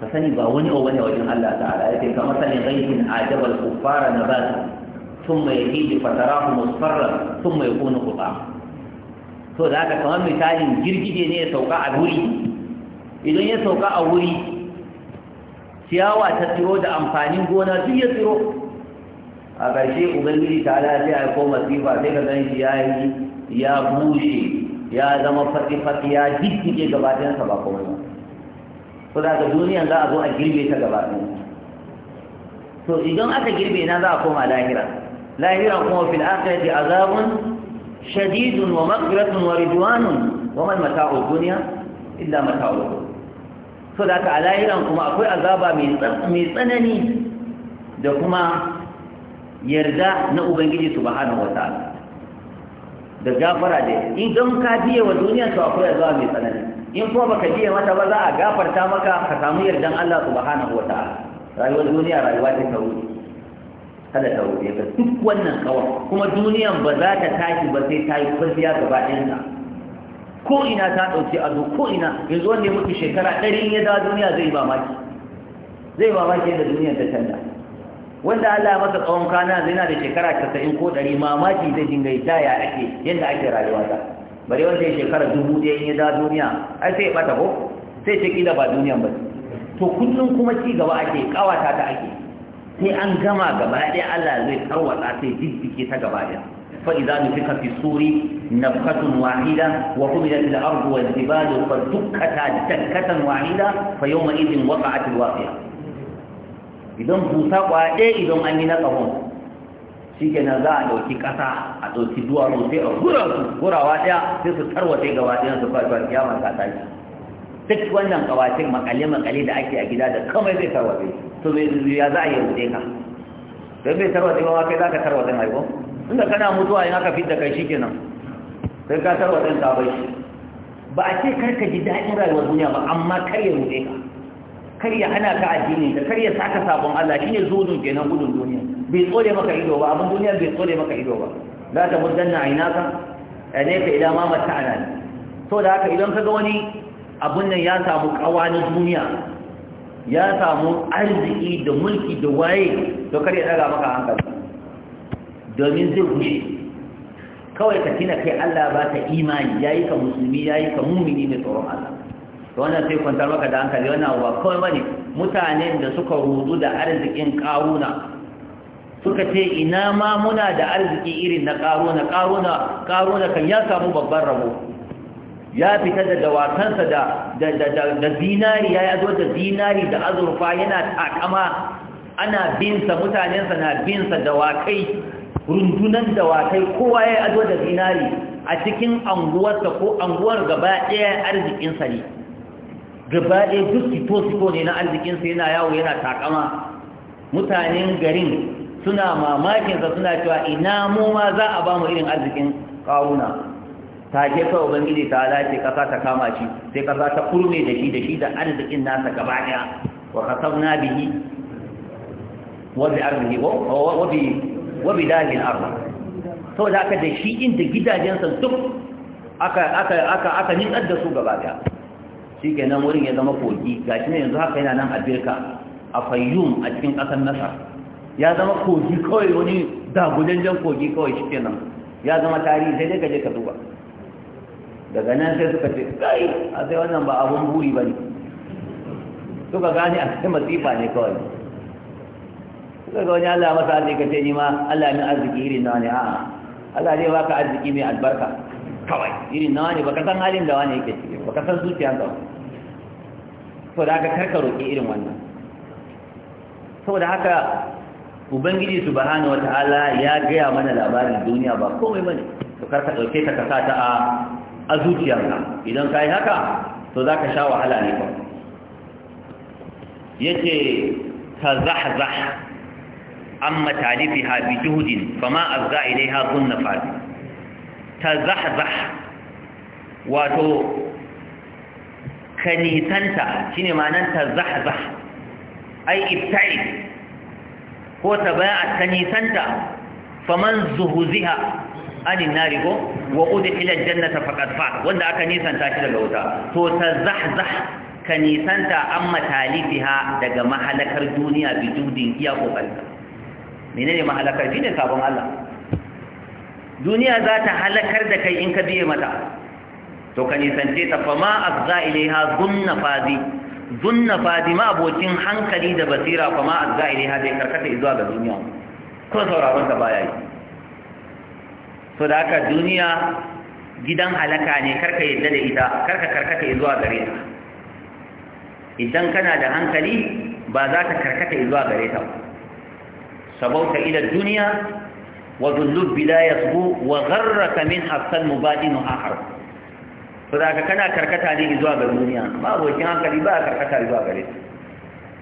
ka sani ba wani o wani wajen Allah ta'ala yake kamar sanin ghaibin ajabal kuffara nabatu thumma yahiji fatarahu musfarran thumma yakunu qutama so da aka kamar misalin girgije ne ya sauka a wuri idan ya sauka a wuri ciyawa ta tsiro da amfanin gona duk ya tsiro a ƙarshe ubangiji ta ala sai a koma sifa sai ka gan shi ya yi ya bushe ya zama fatsi-fatsi ya jijjige gabatinsa ba kuma so da haka duniya za a zo a girbe ta gabatinsa to idan aka girbe na za a koma lahira lahira kuma fil akhirati azabun شديد ومغفرة ورضوان وما المتاع الدنيا إلا متاع الغرور فذاك على إيران كما أقول أذابا من ثنني da kuma yarda na Ubangiji subhanahu da gafara da in ka biye wa duniya to akwai azaba mai tsanani in kuma baka biye mata ba za a gafarta maka ka samu yardan Allah subhanahu wa ta'ala rayuwar duniya rayuwa ta kauri kada ta rufe ka duk wannan kawai kuma duniyan ba za ta tashi ba sai ta yi kwalliya gaba ɗayanta ko ina ta ɗauki ado ko ina yanzu wanda ya mutu shekara ɗari in ya dawo duniya zai mamaki zai mamaki yadda duniya ta canza wanda Allah ya masa tsawon kana zai na da shekara casa'in ko ɗari mamaki zai dinga yi ya ake yadda ake rayuwa ta bari wanda ya shekara dubu ɗaya in ya dawo duniya ai sai ya ɓata ko sai ce kila ba duniyan ba to kullum kuma ci gaba ake ƙawata ta ake sai an gama gaba ɗaya Allah zai tarwatsa sai jijjike ta gaba ɗaya fa idza nufika fi suri nafkatun wahida wa qumilat al ardu wal jibalu fa dukkata dakkatan wahida fa yawma idin waqa'at al waqi'a idan busa ɗaya idan an yi na tsawon shi kenan za a ɗauki ƙasa a ɗauki duwatsu sai a hura su hurawa ɗaya sai su tarwatsa gaba ɗayan su farfar kiyama ta tashi duk wannan kawatin makale-makale da ake a gida da kamar zai tarwatse to ya za a yi rute ka don bai tarwatse ba kai za ka tarwatse haiko inda kana mutuwa yin aka fita kai shi kenan sai ka tarwatse ka bai shi ba a ce karka ji daɗin rayuwar duniya ba amma kar ya rute ka kar ya hana ka addinin ka kar ya saka sabon Allah shine zudun kenan gudun duniya bai tsore maka ido ba abin duniya bai tsore maka ido ba za ta muddanna ainaka ainaka ila ma mata'ana so da haka idan ka ga wani abun nan ya samu na duniya ya samu arziki da mulki da waye to kar ya daga maka hankali domin zai gushe kawai ka tina kai Allah ba ta imani yayi ka musulmi yayi ka mumini mai tsoron Allah to wannan sai kwantar maka da hankali wannan ba kawai bane mutanen da suka rudu da arzikin karuna suka ce ina ma muna da arziki irin na karuna karuna karuna kan ya samu babban rabo ya fita daga wasansa da da zinari ya zo da zinari da azurfa yana takama ana binsa mutanensa na binsa dawakai rundunan dawakai kowa ya ado da zinari a cikin anguwarsa ko anguwar gaba ɗaya arzikinsa ne gaba ɗaya duk sito-sito ne na arzikinsa yana yawo yana takama mutanen garin suna mamakinsa suna cewa ina mu ma za a ba mu irin arzikin kawuna ta je kawai ubangiji ta lace kasa ta kama shi sai kasa ta kurme da shi da shi da arzikin nasa gaba daya wa kasabna bihi wa bi ardihi wa bi wa bi dalil arba to da aka da shi inda gidajen sa duk aka aka aka aka nitsar da su gaba daya shikenan wurin ya zama kogi gashi ne yanzu haka yana nan a Birka a Fayyum a cikin kasar Masar ya zama kogi kawai wani dagudanjen kogi kawai shikenan ya zama tarihi sai dai ka je ka duba daga nan sai suka ce kai a sai wannan ba abun buri ba ne suka gani a sai masifa ne kawai suka ga wani Allah masa ne ka ce ni ma Allah ne arziki irin nawa ne a'a Allah ne baka arziki mai albarka kawai irin nawa ne baka san halin da wani yake ciki baka san zuciya ka to da haka karka roƙi irin wannan saboda haka ubangiji subhanahu Ta'ala ya gaya mana labarin duniya ba komai bane to karka dauke ta ka sa ta a a zuciyarka idan ka yi haka to za ka sha wahala ne ba ya ce ta zahzah an matalifi ha bi juhudin fama a za'ilai ha sun na fadi ta zahzah wato ka nisanta shi ne ma'anar ta zahzah ai ibta'id ko ta baya ka nisanta faman zuhuziha anin nari ko wa udkhila jannata faqad fa wanda aka nisanta shi daga wuta to tazahzah ka nisanta an matalifiha daga mahalakar duniya bi judin iya kokarinka menene mahalakar shine sabon Allah duniya za ta halakar da kai in ka biye mata to ka nisance ta fa ma azza ilaiha zunna fazi zunna fazi ma abokin hankali da basira fa ma azza ilaiha zai karkata zuwa ga duniya ko sauraron ta baya yi so da haka duniya gidan halaka ne karka yadda da ita karka karkata zuwa gare ta idan kana da hankali ba za ta karkata zuwa gare ta sabauta ila duniya wa dhullul bidayatu wa gharraka min asal mubadin akhar so da haka kana karkata ne zuwa ga duniya ba wajen hankali ba karkata zuwa gare ta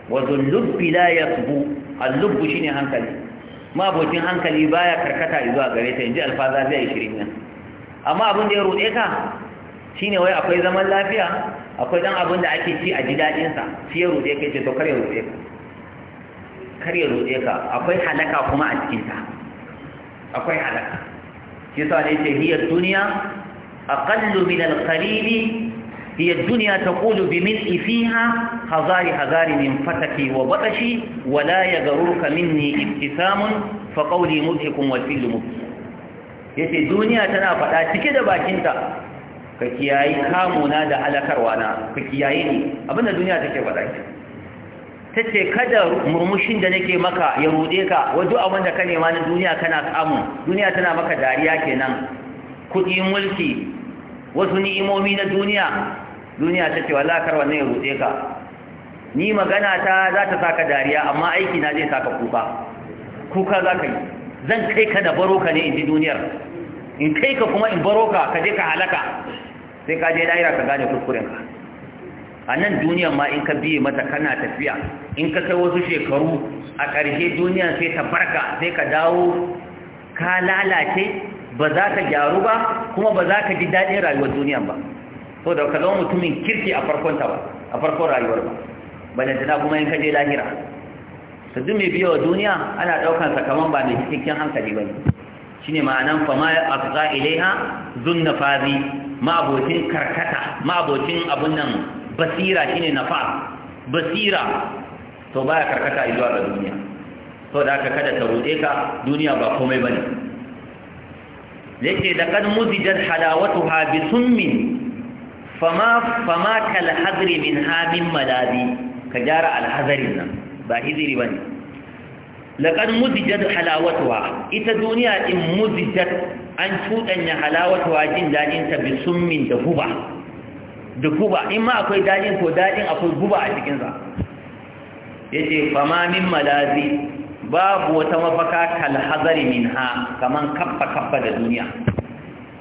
wa dhullul bidayatu al-lubb shine hankali abokin hankali baya karkata zuwa gare ta inji alfaza zai yi shirin nan amma abin da ya ruɗe ka shine wai akwai zaman lafiya akwai dan abin da ake ci a ji daɗin sa shi ya ruɗe ka ce to kar ya ruɗe ka kar ya ka akwai halaka kuma a cikin ta akwai halaka shi sa ne ce hiya duniya aqallu min al-qalili هي الدنيا تقول بملء فيها هزاري هزاري من فتكي وبطشي ولا يغررك مني ابتسام فقولي مضحك والفيل مبتسم yace duniya tana faɗa cike da bakinta ka kiyaye kamuna da halakarwa na ka kiyaye ni abinda duniya take faɗa ki tace kada murmushin da nake maka ya rude ka wadu abin da ka nema na duniya kana samu duniya tana maka dariya kenan kudi mulki wasu ni'imomi na duniya duniya ta ce "Wala wannan ya rute ka ni magana ta za ta saka dariya amma aiki na zai saka kuka kuka za ka yi zan kai ka da baro ka ne in ji duniyar in kai ka kuma in baro ka ka je ka halaka sai ka je daira ka gane kuskuren ka a nan duniyar ma in ka biye mata kana tafiya in ka kai wasu shekaru a ƙarshe duniya sai ta barka sai ka dawo ka lalace ba za ka gyaru ba kuma ba za ka ji daɗin rayuwar duniyar ba so da ka zama mutumin kirki a farkon ba a farkon rayuwar ba bane tana kuma in kaje lahira to duk mai duniya ana daukan sa kaman ba mai cikakken hankali bane shine ma'anan fa ma afza ilaiha zunna fazi ma karkata ma'abocin abun nan basira ne nafa basira to baya karkata izuwa ga duniya to da aka kada ta rude ka duniya ba komai ne. yake da kad halawatu halawatuha bi summin fama fama min hamin malazi ka gyara alhazarin nan ba ba bane Laƙar mudijat halawatuha ita duniya din mudijat an cuɗanya halawatuha jin dadin ta bi summin da huba da guba in ma akwai daɗin ko daɗin akwai guba a cikin sa yace fama min malazi babu wata mafaka kalhazari hazari minha kamar kaffa kaffa da duniya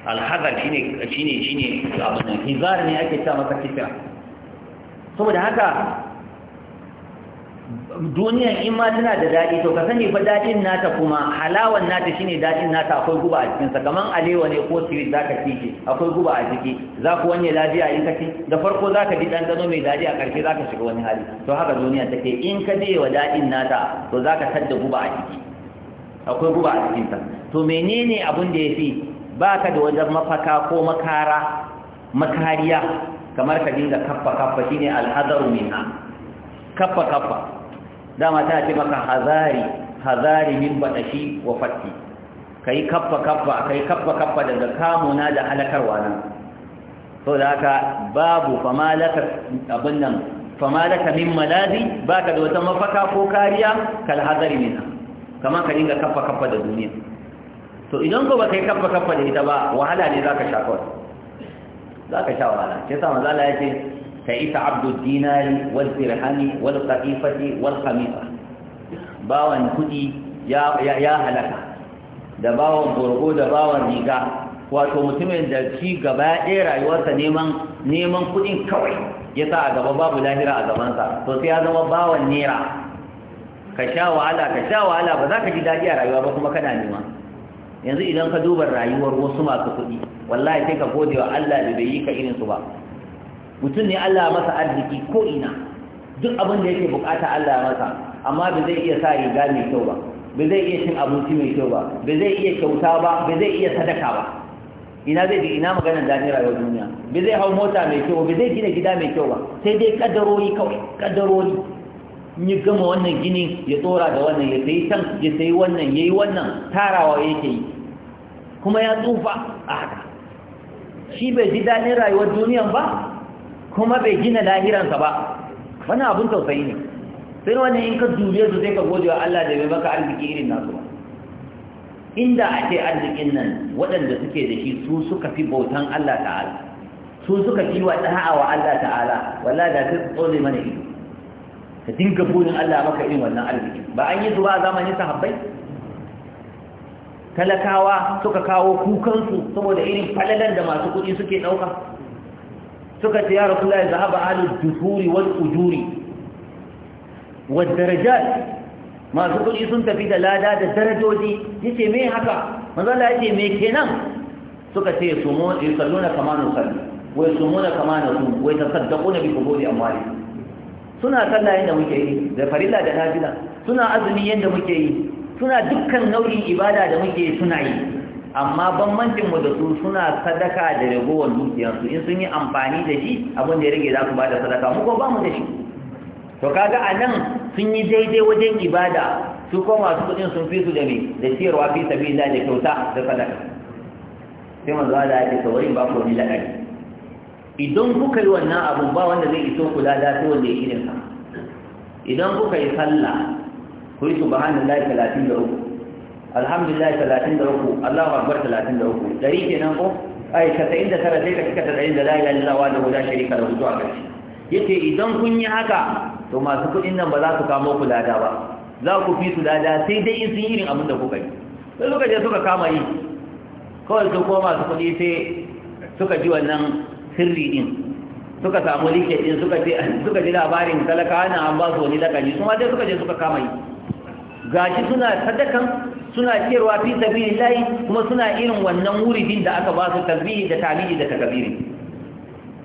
alhazar shine shine shine abin nan hizar ne ake ta masa kisa saboda haka duniya in ma tana da daɗi to ka sani fa daɗin nata kuma halawan nata shine daɗin nata akwai guba a cikinsa kaman alewa ne ko siri za ka ci akwai guba a ciki za ku wanye lafiya in ka ci da farko za ka ji ɗanɗano mai daɗi a ƙarfe za ka shiga wani hali to haka duniya take in ka je wa daɗin nata to za ka tadda guba a ciki akwai guba a cikinsa to menene abun da ya fi ba ka da wajen mafaka ko makara makariya kamar ka dinga kaffa kaffa shi ne alhazaru minha kaffa kaffa dama tana ce maka hazari hazari min badashi wa fatti Ka yi kaffa kaffa ka yi kaffa kaffa daga kamuna da halakarwa nan to da haka babu famalaka abin nan famalaka min malazi Ba ka da wata mafaka ko kariya kal hazari minha kamar ka dinga kaffa kaffa da duniya to idan ko baka yi kafa kafa da ita ba wahala ne zaka sha kawai zaka sha wahala sai sa manzo Allah yake ta ita abdu dinari wal dirhami wal qatifati wal khamisa bawan kudi ya ya halaka da bawan burgo da bawan riga wato mutumin da ci gaba ya ɗaya rayuwarsa neman neman kudin kawai ya sa a gaba babu lahira a gabansa to sai ya zama bawan nera ka sha wahala ka sha wahala ba za ka ji daɗi a rayuwa ba kuma kana nema yanzu idan ka duba rayuwar wasu masu kuɗi wallahi sai ka gode wa Allah da bai yi ka irin su ba mutum ne Allah masa arziki ko ina duk abin da yake bukata Allah masa amma ba zai iya sa riga mai kyau ba ba zai iya cin abinci mai kyau ba ba zai iya kyauta ba ba zai iya sadaka ba ina zai ina magana da daɗin rayuwar duniya ba zai hau mota mai kyau ba ba zai gina gida mai kyau ba sai dai kaddarori kawai kaddarori Ni gama wannan ginin ya tsora da wannan ya sayi can ya sayi wannan ya yi wannan tarawa yake yi kuma ya tsufa a haka shi bai ji daɗin rayuwar duniyan ba kuma bai gina lahiransa ba wani abin tausayi ne sai wani in ka dubiya su sai ka gode wa Allah da bai baka arziki irin nasu ba inda a ce arzikin nan waɗanda suke da shi su suka fi bautan Allah ta'ala su suka fi wa ɗa'a Allah ta'ala wallahi da su tsole mana ido ka dinga burin Allah maka irin wannan arziki ba an yi zuwa a zamanin sahabbai talakawa suka kawo kukansu saboda irin falalan da masu kuɗi suke ɗauka suka ce ya rasulullahi zahaba ahlud dusuri wani ujuri Wa darajat masu kuɗi sun tafi da lada da darajoji ce me haka manzo Allah yace me kenan suka ce ya sumo yusalluna kama nusalli wa yusumuna kama nasum wa na bi qubuli amwalihim suna sallah yadda muke yi da farilla da nafila suna azumi yadda muke yi suna dukkan nau'in ibada da muke suna yi amma bambancin mu da su suna sadaka da ragowar dukiyarsu in sun yi amfani da shi abin da ya rage za su ba da sadaka mu ko ba mu da shi to kaga a nan sun yi daidai wajen ibada su ko masu kudin sun fi su da me da ciyarwa fi sabilillah da kyauta da sadaka sai manzo Allah ya ce saurayin ba ku ni lakari idan kuka yi wannan abun ba wanda zai iso ku da sai wanda ya irin sa idan kuka yi sallah ku yi subhanallahi 33 alhamdulillahi 33 Allahu akbar 33 dari kenan ko ai 99 sai ka cika 90 da la ilaha illallah wa la sharika lahu zuwa karshe yace idan kun yi haka to masu kuɗin nan ba za su kamo ku lada ba za ku fi su lada sai dai in sun yi irin abin da kuka yi sai suka je suka kama yi kawai su koma masu kuɗi sai suka ji wannan sirri din suka samu rike din suka ce suka ji labarin talaka na an ba su wani lakani su ma dai suka je suka kama yi gashi suna sadakan suna cewa fi sabilillahi kuma suna irin wannan wuridin da aka ba su tasbihi da tamidi da takabiri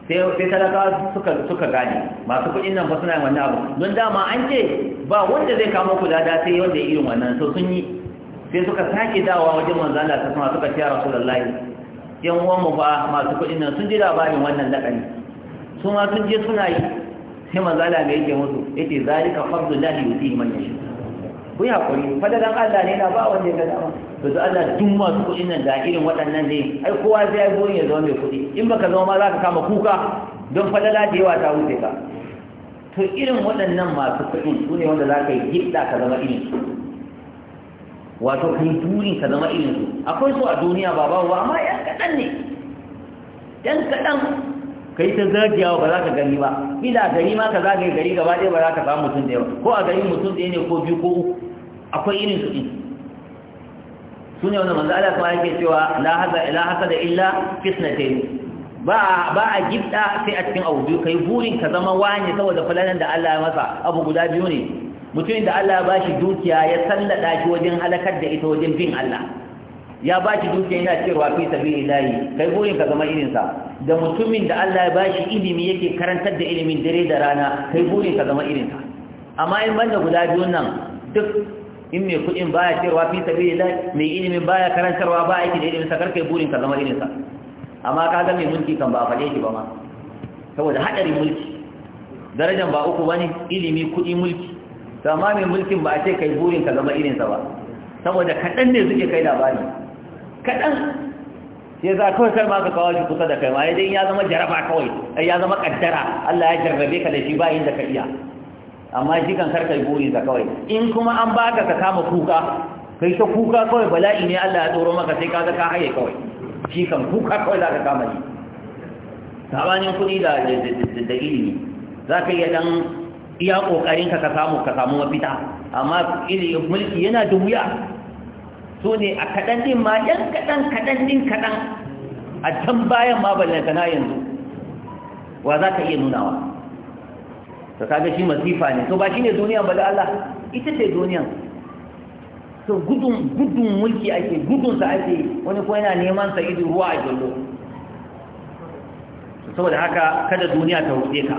sai sai talaka suka suka gane masu kuɗin nan ba suna yin wannan abu don dama an ce ba wanda zai kama ku da sai wanda irin wannan so sun yi sai suka sake dawa wajen manzo Allah ta sama suka ce ya rasulullahi yan uwan mu ba masu kuɗin nan sun ji labarin wannan lakani su ma sun je suna yi sai manzala mai yake musu yake zalika fadlullahi yuti man yasha ku yi hakuri fadalan Allah ne na ba wanda ya ga dama to da Allah duk masu kuɗin nan da irin waɗannan ne ai kowa sai ya goyi ya zama mai kuɗi in baka zama ma za ka kama kuka don fadala da yawa ta wuce ka to irin waɗannan masu kuɗin su ne wanda za ka yi gida ka zama irin wato kai burin ka zama irin su akwai su a duniya ba ba amma ya kaɗan ne ɗan kaɗan ka yi ta zargiyawa ba za ka gani ba ila gari ma ka zagaye gari gaba ɗaya ba za ka samu mutum da yawa ko a gari mutum ɗaya ne ko biyu ko uku akwai irin su ɗin su ne wanda manzo Allah kuma yake cewa la haza ila hasada illa fitnatayn ba ba a gibda sai a cikin abu biyu kai burin ka zama wani saboda fulanan da Allah ya masa abu guda biyu ne mutumin da Allah ya bashi dukiya ya sallada shi wajen halakar da ita wajen bin Allah ya ba shi dukiya yana cewa fi sabilillahi kai burin ka zama irin sa da mutumin da Allah ya bashi ilimi yake karantar da ilimin dare da rana kai burin ka zama irin sa amma in banda guda biyun nan duk in mai kudin baya cewa fi sabilillahi mai ilimin baya karantarwa ba aiki da ilimin sa kai burin ka zama irin sa amma ga mai mulki kan ba faɗe shi ba ma saboda hadarin mulki darajar ba uku bane ilimi kudi mulki to amma mai mulkin ba a ce kai burin ka zama irin sa ba saboda kaɗan ne suke kai labari kaɗan ya za kawai kar ma ka kawo shi kusa da kai ma idan ya zama jaraba kawai ya zama kaddara Allah ya jarrabe ka da shi bayin da ka iya amma shi kan karka yi buri da kawai in kuma an baka ka kama kuka kai ta kuka kawai bala'i ne Allah ya tsoro maka sai kaga ka haye kawai shi kan kuka kawai za ka kama shi sabanin kuɗi da da ilimi za ka iya dan iya ƙoƙarinka ka samu ka samu mafita amma mulki yana da wuya su ne a kaɗan ɗin ma ɗan kaɗan kaɗan ɗin kaɗan a can bayan ma ballanta na yanzu wa za ka iya nunawa ta kaga shi masifa ne to ba shi ne duniyan ba da Allah ita ce duniyan to gudun gudun mulki ake gudunsa ake wani ko yana neman sa idin ruwa a jallo saboda haka kada duniya ta ruɗe ka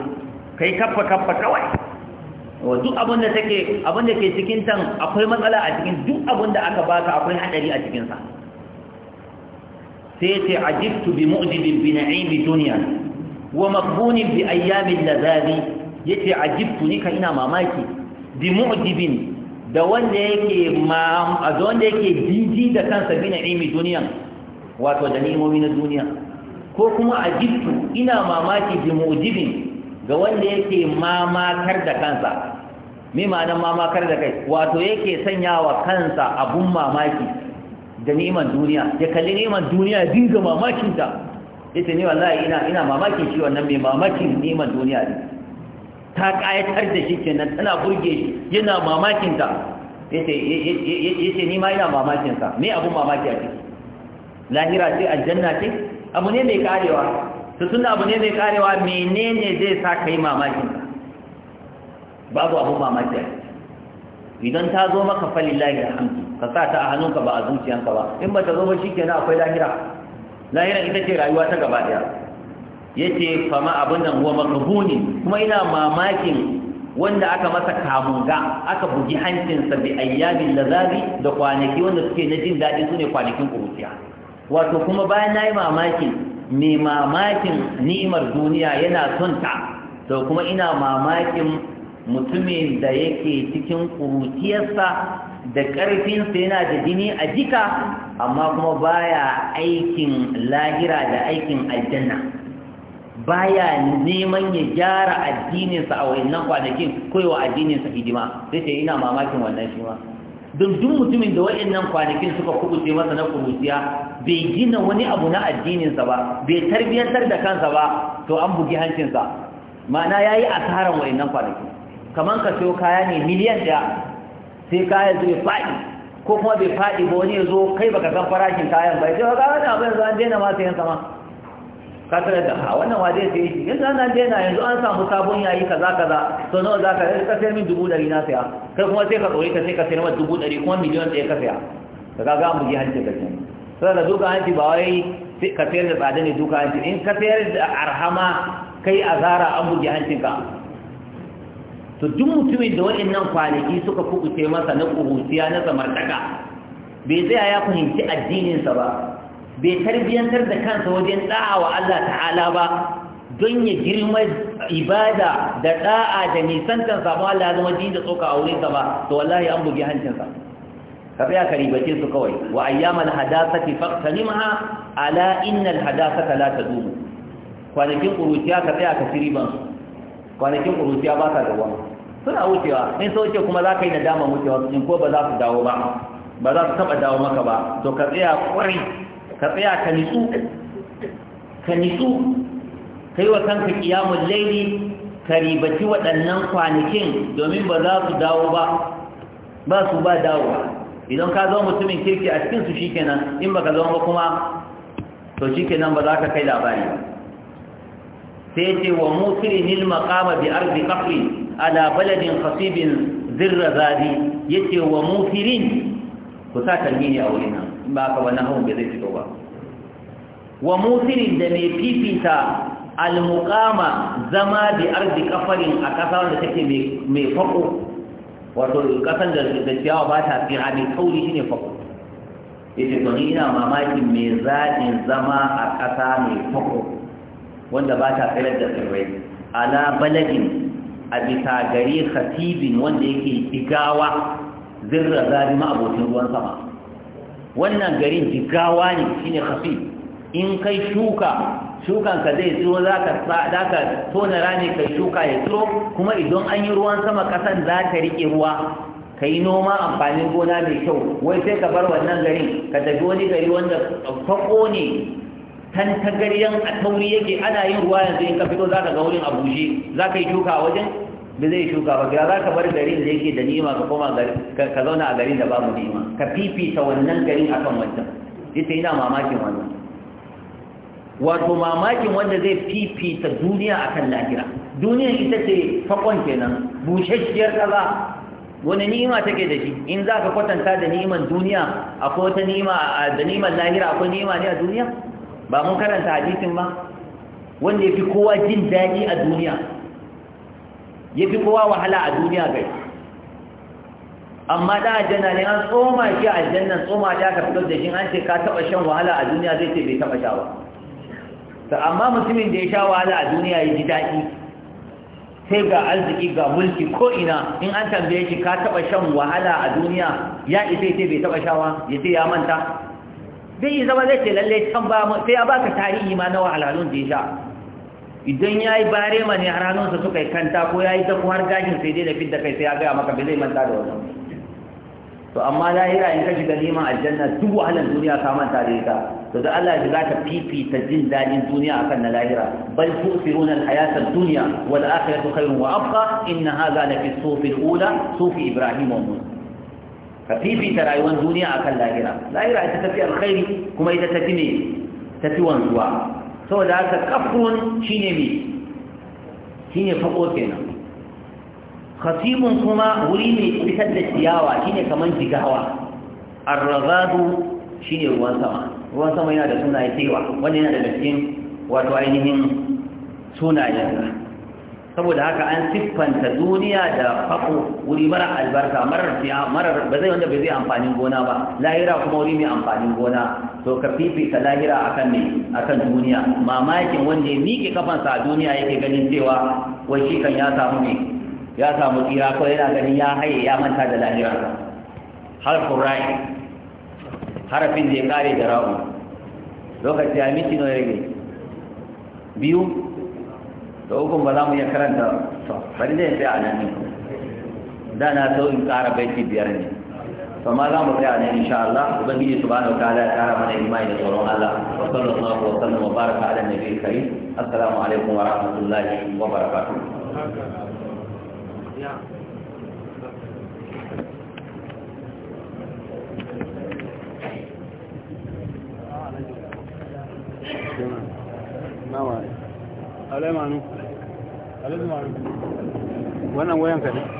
kai kaffa kaffa kawai wa duk abin take abin ke cikin tan akwai matsala a cikin duk abinda aka baka akwai hadari a cikin sa sai ce ajibtu bi mu'jibin bi na'imi duniya, wa maqbunin bi ayyamin ladadi yace ajibtu ni ka ina mamaki bi mu'jibin da wanda yake ma a wanda yake jiji da kansa bi na'imi duniya, wato da ni'imomi na duniya ko kuma ajibtu ina mamaki bi mu'jibin ga wanda yake mamakar da kansa mai ma'anar mamakar da kai wato yake sanya wa kansa abun mamaki da neman duniya ya kalli neman duniya dinga mamakinta ta ita ne wallahi ina ina mamakin shi wannan mai mamakin neman duniya ne ta kayatar da shi kenan tana burge shi yana mamakinta. Ya ce yace ni ma ina mamakinsa, sa me abun mamaki a ciki lahira ce aljanna ce abu ne mai karewa to tun abu ne mai karewa menene zai sa ka yi mamakin babu abu mamaki idan ta zo maka falillahi alhamdu ka sa ta a hannunka ba a zuciyanka ba in ba ta zo ba shi kenan akwai lahira lahira ita ce rayuwa ta gaba daya ce fama abin nan maka makabuni kuma ina mamakin wanda aka masa kamuga aka bugi hancinsa bi ayyamin lazabi da kwanaki wanda suke na jin daɗi su ne kwanakin kuruciya wato kuma bayan na yi mamaki mai mamakin ni'imar duniya yana son ta to kuma ina mamakin mutumin da yake cikin kurutiyarsa da ƙarfinsa yana da jini a jika amma kuma baya aikin lahira da aikin aljanna baya neman ya gyara addininsa a wayannan kwanakin koyo addininsa hidima sai ce ina mamakin wannan shi ma don duk mutumin da waɗannan kwanakin suka kubuce masa na kuruciya bai gina wani abu na addininsa ba bai tarbiyyantar da kansa ba to an bugi hancinsa ma'ana ya yi asaran waɗannan kwanaki kamar ka sayo kaya ne miliyan ɗaya sai kaya zai faɗi ko kuma bai faɗi ba wani ya zo kai baka san farashin kayan ba ya ce ba ka wani abu yanzu an daina ma sayan sama ka da ha wannan wa ta sai shi yanzu ana daina yanzu an samu sabon yayi kaza kaza to nawa zaka yi ka sai min dubu ɗari na saya kai kuma sai ka tsori ka sai ka sai mata dubu ɗari kuma miliyan ɗaya ka saya ka ga mu ji hanci ka kenan sai da duka hanci ba wai ka sayar da tsada ne duka hanci in ka sayar da arhama kai azara an hancin ka. to duk mutumin da waɗannan kwanaki suka kuɓuce masa na ƙuruciya na samartaka bai tsaya ya fahimci addininsa ba bai tarbiyantar da kansa wajen da'a wa Allah ta'ala ba don ya girma ibada da da'a da nisantar sabon Allah zama jini da tsoka a wurinsa ba to wallahi an bugi hancinsa ka tsaya ka ribace su kawai wa ayyamal hadasati faqtanimha ala innal hadasata la tadumu kwanakin kuruciya ka tsaya ka ci riban kwanakin kuruciya ba ka dawo suna wucewa in sau ce kuma za ka yi nadama wucewa in ko ba za su dawo ba ba za su taba dawo maka ba to ka tsaya kwarai ka tsaya ka nitsu ka nitsu ka yi wa kanka ƙiyamun laili ka ribaci waɗannan kwanakin domin ba za su dawo ba ba su ba dawowa idan ka zama mutumin kirki a cikinsu shi kenan in ba ka zama kuma to shi kenan ba za ka kai labari ba sai ce wa musirin ilmaƙama bi arzi ƙafi ala baladin khasibin zirra zazi ya ce wa musirin ku sa kalmi ne a wurin nan ba ka wannan hawan bai zai fito ba wa musirin da mai fifita almuqama zama da ardi kafarin a kasa wanda take mai fako wato kasan da da ciyawa ba ta tsira mai kauri shine fako yace to ina mamakin mai zaɗin zama a kasa mai fako wanda ba ta tsirar da tsirrai ala baladin a bisa gare khatibin wanda yake igawa zirra zari ma abokin ruwan sama wannan garin jigawa ne shine khafi in kai shuka shukanka zai zo za ka tona rami kai shuka ya tsiro kuma idan an yi ruwan sama kasan za ta riƙe ruwa ka yi noma amfanin gona mai kyau wai sai ka bar wannan garin ka tafi wani gari wanda fako ne tantagaryen a tauri yake ana yin ruwa yanzu in ka fito za ka ga wurin a bushe za ka yi shuka a wajen ba zai shuka ba ga za ka bar garin da yake da ni'ima ka koma ka zauna a garin da ba babu ni'ima ka fifita wannan garin akan wancan ita ina mamakin wannan wato mamakin wanda zai fifita duniya akan lahira duniya ita ce fakon kenan bushashiyar kaza wani ni'ima take da shi in za ka kwatanta da ni'iman duniya akwai wata ni'ima da ni'iman lahira akwai ni'ima ne a duniya ba mun karanta hadisin ba wanda ya fi kowa jin daɗi a duniya ya fi kowa wahala a duniya gari amma da aljanna ne an tsoma shi a nan, tsoma ta ka fito da shi an ce ka taɓa shan wahala a duniya zai ce bai taɓa sha ba ta amma musulmin da ya sha wahala a duniya ya ji daɗi sai ga arziki ga mulki ko ina in an tambaye shi ka taɓa shan wahala a duniya ya isa ce bai taɓa shawa ya ce ya manta zai yi zama zai ce lallai can ba sai ya baka tarihi ma na wahalhalun da ya sha idan ya yi barema ne har hannunsa suka yi kanta ko ya yi ta har gashin sai dai da fi da kai sai ya gaya maka bai zai manta da wannan to amma lahira in ka shiga neman aljanna duk wahalar duniya ka manta da ita to da Allah ya zaka fifita jin dadin duniya akan na lahira bal tusiruna alhayata ad-dunya wal akhiratu khairun wa abqa in hadha la fi sufi al-ula sufi ibrahim wa musa ka fifita rayuwar duniya akan lahira lahira ita tafi alkhairi kuma ita tafi ne tafi wanzuwa saboda haka kafun shine me shine fako kenan khasibun kuma wuri mai fitar da ciyawa shine kamar jigawa arrazadu shine ruwan sama ruwan sama yana da sunaye cewa wanda yana da cikin wato ainihin sunayensa saboda haka an siffanta duniya da faɗo wuri mara albarka marar fiya marar ba zai wanda bai zai amfanin gona ba lahira kuma wuri mai amfanin gona to ka fifita lahira akan ne akan duniya mamakin wanda ya miƙe kafansa a duniya yake ganin cewa wai shi kan ya samu ne ya samu tsira ko yana ganin ya haye ya manta da lahira harfin rai harafin da ya kare da ra'u lokaci ya miti no rage biyu da ukun ba za mu iya karanta to bari zai tsaya a nan ne da na so in ƙara baiti biyar ne to ma za mu tsaya a nan insha Allah ubangiji subhanahu wataala ya ƙara mana imani da tsoron Allah wa sallallahu wa sallam wa baraka ala nabiyil karim assalamu alaikum wa rahmatullahi wa barakatuh Now I. alai manu wannan